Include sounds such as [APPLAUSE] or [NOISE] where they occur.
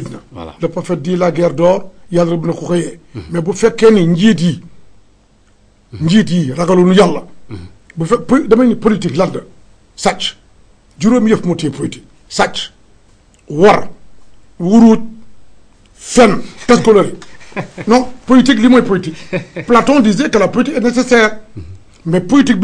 fitna le prophète dit la guerre d'or il y le ko xëyee mhm. mais vous faites ni est yi njiit yi mhm. ñu yalla mhm. bu fek demain ni politique lan satch juroom juróom mo moo politique satch war wuruuj fen tas ko [LAUGHS] non politique li mooy politique Platon disait que la politique est nécessaire mais politique